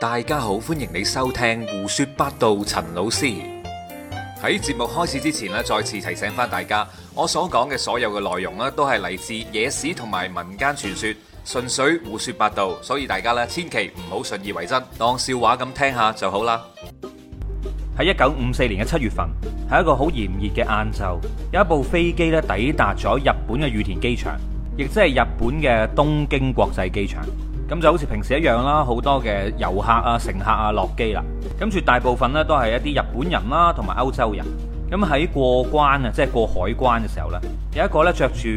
大家好，歡迎你收聽胡說八道。陳老師喺節目開始之前呢，再次提醒翻大家，我所講嘅所有嘅內容呢，都係嚟自野史同埋民間傳說，純粹胡說八道，所以大家呢千祈唔好信以為真，當笑話咁聽下就好啦。喺一九五四年嘅七月份，係一個好炎熱嘅晏晝，有一部飛機呢抵達咗日本嘅羽田機場，亦即係日本嘅東京國際機場。咁就好似平時一樣啦，好多嘅遊客啊、乘客啊落機啦，跟住大部分呢都係一啲日本人啦同埋歐洲人。咁喺過關啊，即係過海關嘅時候呢，有一個呢着住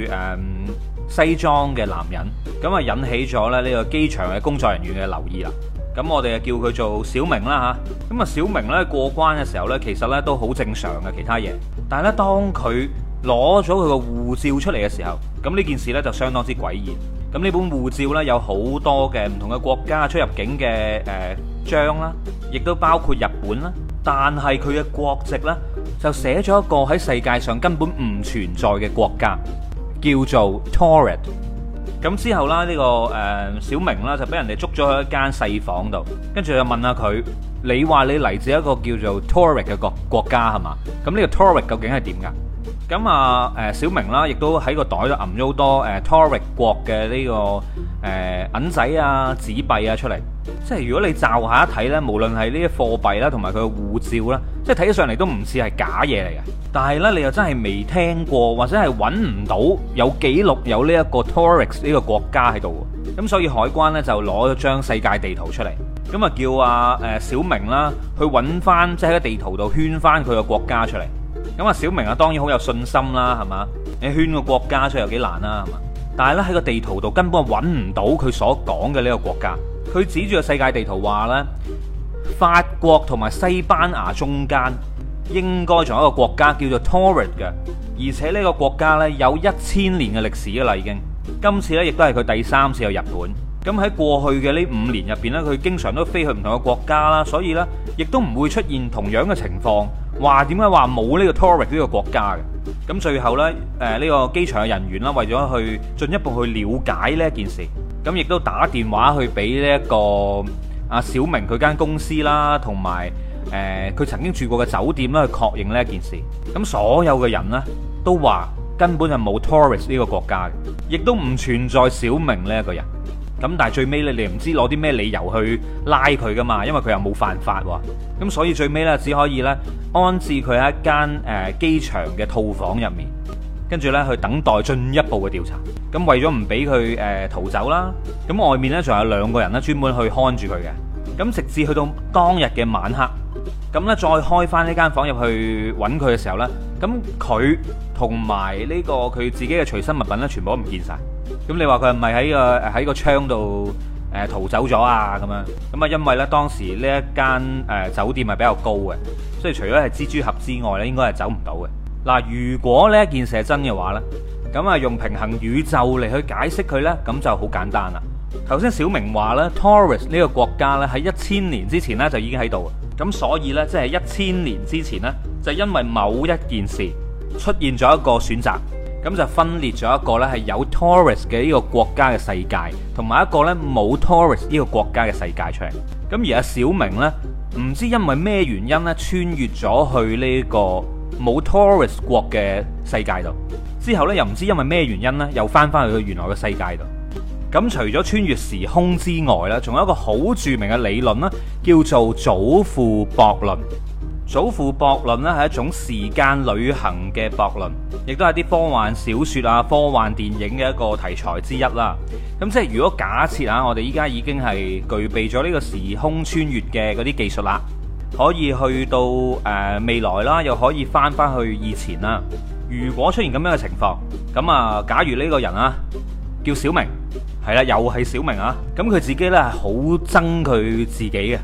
誒西裝嘅男人，咁啊引起咗咧呢個機場嘅工作人員嘅留意啦。咁我哋啊叫佢做小明啦吓，咁啊小明呢過關嘅時候呢，其實呢都好正常嘅其他嘢，但係呢，當佢攞咗佢個護照出嚟嘅時候，咁呢件事呢就相當之詭異。咁呢本護照咧有好多嘅唔同嘅國家出入境嘅誒、呃、章啦，亦都包括日本啦。但係佢嘅國籍呢，就寫咗一個喺世界上根本唔存在嘅國家，叫做 Torik。咁之後啦，呢、這個誒、呃、小明啦就俾人哋捉咗去一間細房度，跟住就問下佢：你話你嚟自一個叫做 Torik 嘅國國家係嘛？咁呢個 Torik 究竟係點㗎？咁啊，誒小明啦，亦都喺個袋度揞咗好多誒 Torix 國嘅呢個誒銀仔啊、紙幣啊出嚟。即係如果你罩下一睇咧，無論係呢啲貨幣啦，同埋佢嘅護照啦，即係睇起上嚟都唔似係假嘢嚟嘅。但係咧，你又真係未聽過，或者係揾唔到有記錄有呢一個 Torix 呢個國家喺度。咁所以海關咧就攞咗張世界地圖出嚟，咁啊叫啊誒小明啦去揾翻，即係喺地圖度圈翻佢個國家出嚟。咁啊，小明啊，當然好有信心啦，係嘛？你圈個國家出去有幾難啦，係嘛？但係咧喺個地圖度根本揾唔到佢所講嘅呢個國家。佢指住個世界地圖話呢，法國同埋西班牙中間應該仲有一個國家叫做 Taured 嘅，而且呢個國家呢有一千年嘅歷史啦，已經。今次呢亦都係佢第三次去日本。咁喺過去嘅呢五年入邊呢，佢經常都飛去唔同嘅國家啦，所以呢亦都唔會出現同樣嘅情況。話點解話冇呢個 Torres 呢個國家嘅？咁最後呢，誒、呃、呢、呢個機場嘅人員啦，為咗去進一步去了解呢件事，咁亦都打電話去俾呢一個阿小明佢間公司啦，同埋誒佢曾經住過嘅酒店啦去確認呢件事。咁所有嘅人呢，都話根本就冇 Torres 呢個國家，亦都唔存在小明呢一個人。咁但係最尾咧，你唔知攞啲咩理由去拉佢噶嘛？因為佢又冇犯法喎，咁所以最尾呢，只可以呢安置佢喺一間誒機場嘅套房入面，跟住呢去等待進一步嘅調查。咁為咗唔俾佢誒逃走啦，咁外面呢仲有兩個人呢專門去看住佢嘅。咁直至去到當日嘅晚黑，咁呢再開翻呢間房入去揾佢嘅時候呢，咁佢同埋呢個佢自己嘅隨身物品呢，全部都唔見晒。咁你話佢係咪喺個喺個窗度誒逃走咗啊？咁樣咁啊，因為咧當時呢一間誒酒店係比較高嘅，所以除咗係蜘蛛俠之外咧，應該係走唔到嘅。嗱，如果呢一件事係真嘅話咧，咁啊用平行宇宙嚟去解釋佢咧，咁就好簡單啦。頭先小明話咧，Taurus 呢個國家咧喺一千年之前咧就已經喺度，咁所以咧即係一千年之前咧就因為某一件事出現咗一個選擇。咁就分裂咗一,一個呢係有 Taurus 嘅呢個國家嘅世界，同埋一個呢冇 Taurus 呢個國家嘅世界出嚟。咁而阿小明呢，唔知因為咩原因呢穿越咗去呢個冇 Taurus 國嘅世界度，之後呢又唔知因為咩原因呢又翻翻去佢原來嘅世界度。咁除咗穿越時空之外呢，仲有一個好著名嘅理論呢，叫做祖父悖論。祖父悖論咧係一種時間旅行嘅悖論，亦都係啲科幻小説啊、科幻電影嘅一個題材之一啦。咁即係如果假設啊，我哋依家已經係具備咗呢個時空穿越嘅嗰啲技術啦，可以去到誒、呃、未來啦，又可以翻翻去以前啦。如果出現咁樣嘅情況，咁啊，假如呢個人啊叫小明，係啦，又係小明啊，咁佢自己呢係好憎佢自己嘅。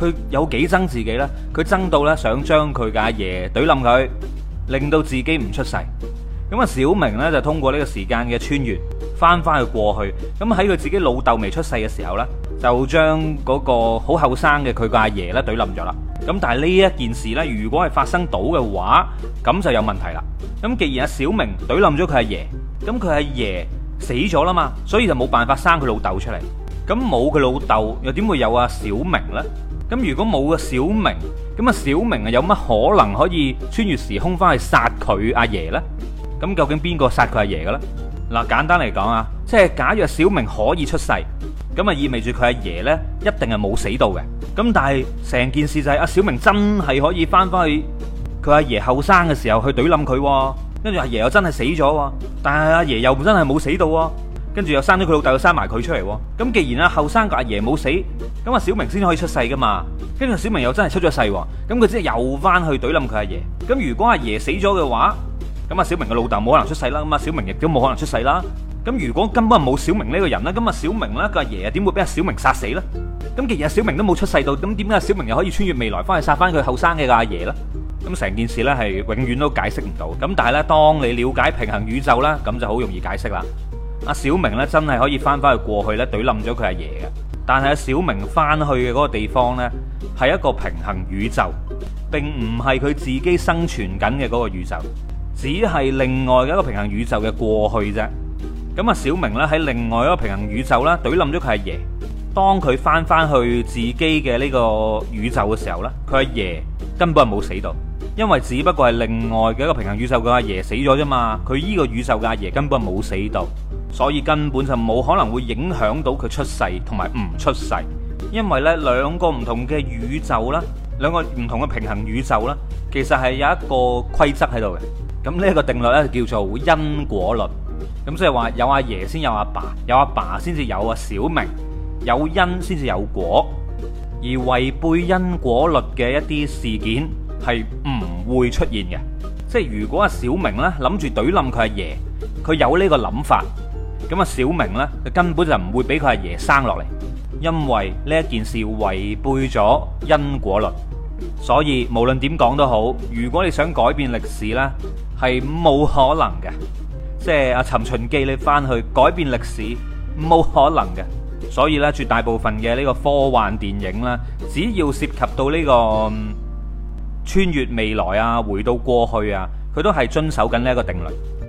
佢有幾憎自己呢？佢憎到呢想將佢嘅阿爺懟冧佢，令到自己唔出世。咁啊，小明呢就通過呢個時間嘅穿越，翻翻去過去。咁喺佢自己老豆未出世嘅時候呢，就將嗰個好後生嘅佢嘅阿爺呢懟冧咗啦。咁但係呢一件事呢，如果係發生到嘅話，咁就有問題啦。咁既然阿小明懟冧咗佢阿爺，咁佢阿爺死咗啦嘛，所以就冇辦法生佢老豆出嚟。咁冇佢老豆，又點會有阿小明呢？咁如果冇個小明，咁啊小明啊有乜可能可以穿越時空翻去殺佢阿爺呢？咁究竟邊個殺佢阿爺嘅咧？嗱，簡單嚟講啊，即係假若小明可以出世，咁啊意味住佢阿爺呢一定係冇死到嘅。咁但係成件事就係阿小明真係可以翻翻去佢阿爺後生嘅時候去懟冧佢，跟住阿爺又真係死咗，但係阿爺又真係冇死到。跟住又生咗佢老豆，又生埋佢出嚟。咁既然啊，後生個阿爺冇死，咁阿小明先可以出世噶嘛。跟住小明又真係出咗世，咁佢即係又翻去懟冧佢阿爺。咁如果阿爺死咗嘅話，咁阿小明嘅老豆冇可能出世啦。咁阿小明亦都冇可能出世啦。咁如果根本冇小明呢個人咧，咁阿小明呢個阿爺點會俾阿小明殺死咧？咁既然小明都冇出世到，咁點解小明又可以穿越未來翻去殺翻佢後生嘅個阿爺咧？咁成件事咧係永遠都解釋唔到。咁但係咧，當你了解平行宇宙咧，咁就好容易解釋啦。阿小明咧，真係可以翻翻去過去咧，懟冧咗佢阿爺嘅。但係阿小明翻去嘅嗰個地方咧，係一個平行宇宙，並唔係佢自己生存緊嘅嗰個宇宙，只係另外一個平行宇宙嘅過去啫。咁啊，小明咧喺另外一個平行宇宙咧，懟冧咗佢阿爺。當佢翻翻去自己嘅呢個宇宙嘅時候咧，佢阿爺根本係冇死到，因為只不過係另外嘅一個平行宇宙嘅阿爺死咗啫嘛。佢依個宇宙嘅阿爺根本係冇死到。所以根本就冇可能會影響到佢出世同埋唔出世，因為咧兩個唔同嘅宇宙啦，兩個唔同嘅平衡宇宙啦，其實係有一個規則喺度嘅。咁呢一個定律咧叫做因果律。咁即係話有阿爺先有阿爸，有阿爸先至有阿小明，有因先至有果。而違背因果律嘅一啲事件係唔會出現嘅。即係如果阿小明咧諗住懟冧佢阿爺，佢有呢個諗法。咁啊，小明呢，就根本就唔會俾佢阿爺生落嚟，因為呢一件事違背咗因果律。所以無論點講都好，如果你想改變歷史呢，係冇可能嘅。即係阿尋秦記你翻去改變歷史冇可能嘅。所以咧，絕大部分嘅呢個科幻電影啦，只要涉及到呢個穿越未來啊、回到過去啊，佢都係遵守緊呢個定律。